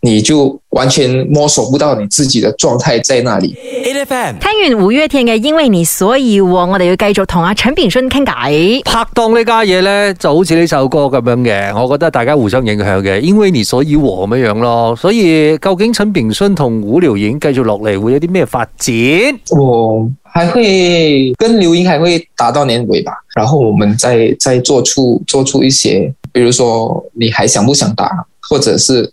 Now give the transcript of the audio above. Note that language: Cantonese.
你就完全摸索不到你自己的狀態在那裏。Elephant Hey, 聽完五月天嘅《因為你所以我》，我哋要繼續同阿陳炳橓傾偈。拍檔呢家嘢呢，就好似呢首歌咁樣嘅，我覺得大家互相影響嘅。因為你所以我咁樣樣咯，所以究竟陳炳橓同吳柳瑩繼續落嚟會有啲咩發展？我還會跟柳瑩還會打到年尾吧，然後我們再再做出做出一些，比如說你還想不想打，或者是？